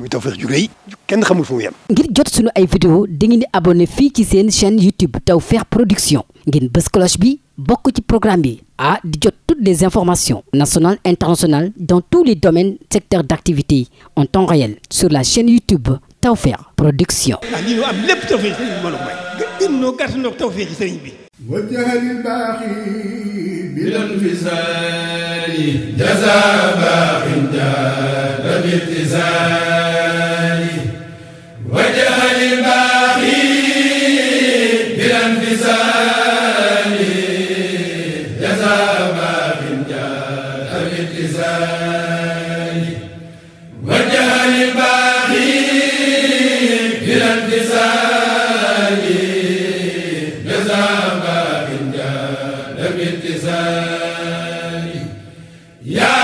muy Tawfekh ju rëy kenn xamul fu mu ngir jot sunu ay vidéo dangeen di abonné fii ci seen chaîne YouTube Tawfekh Production ngeen bës cloche bi bokk ci programme bi ah di jot toutes les informations nationales internationales dans tous les domaines secteurs d'activité en temps réel sur la chaîne YouTube Tawfekh Production. ah lii ñu am lépp Tawfekh sëriñ bi mbooloo mooy. gën gën ñoo gàtt ñoo Tawfekh sëriñ bi. wajjahali baaxi bi lan fisaali jazaa baaxin jaada bi yaa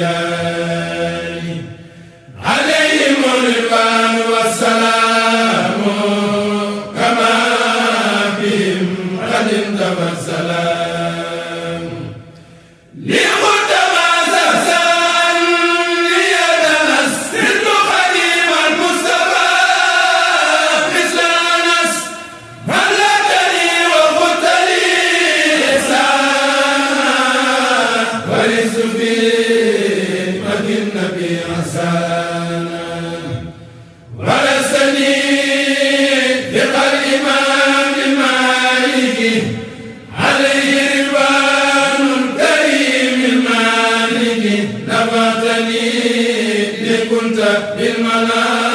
yaa الملائكة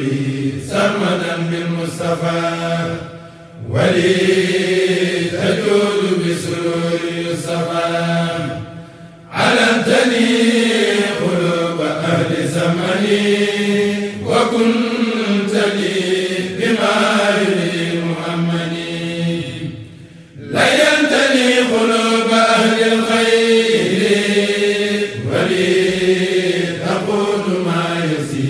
قلبي سرمدا بالمصطفى ولي تجول بسرور يصفى علمتني قلوب أهل زمني وكنت لي بمال محمد لينتني قلوب أهل الخير ولي تقول ما يسير